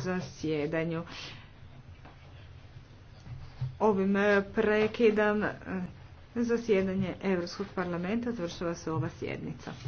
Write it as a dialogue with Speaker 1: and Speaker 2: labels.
Speaker 1: zasjedanju. Ovim e, prekidam e, zasjedanje Europskog parlamenta, završava se ova sjednica.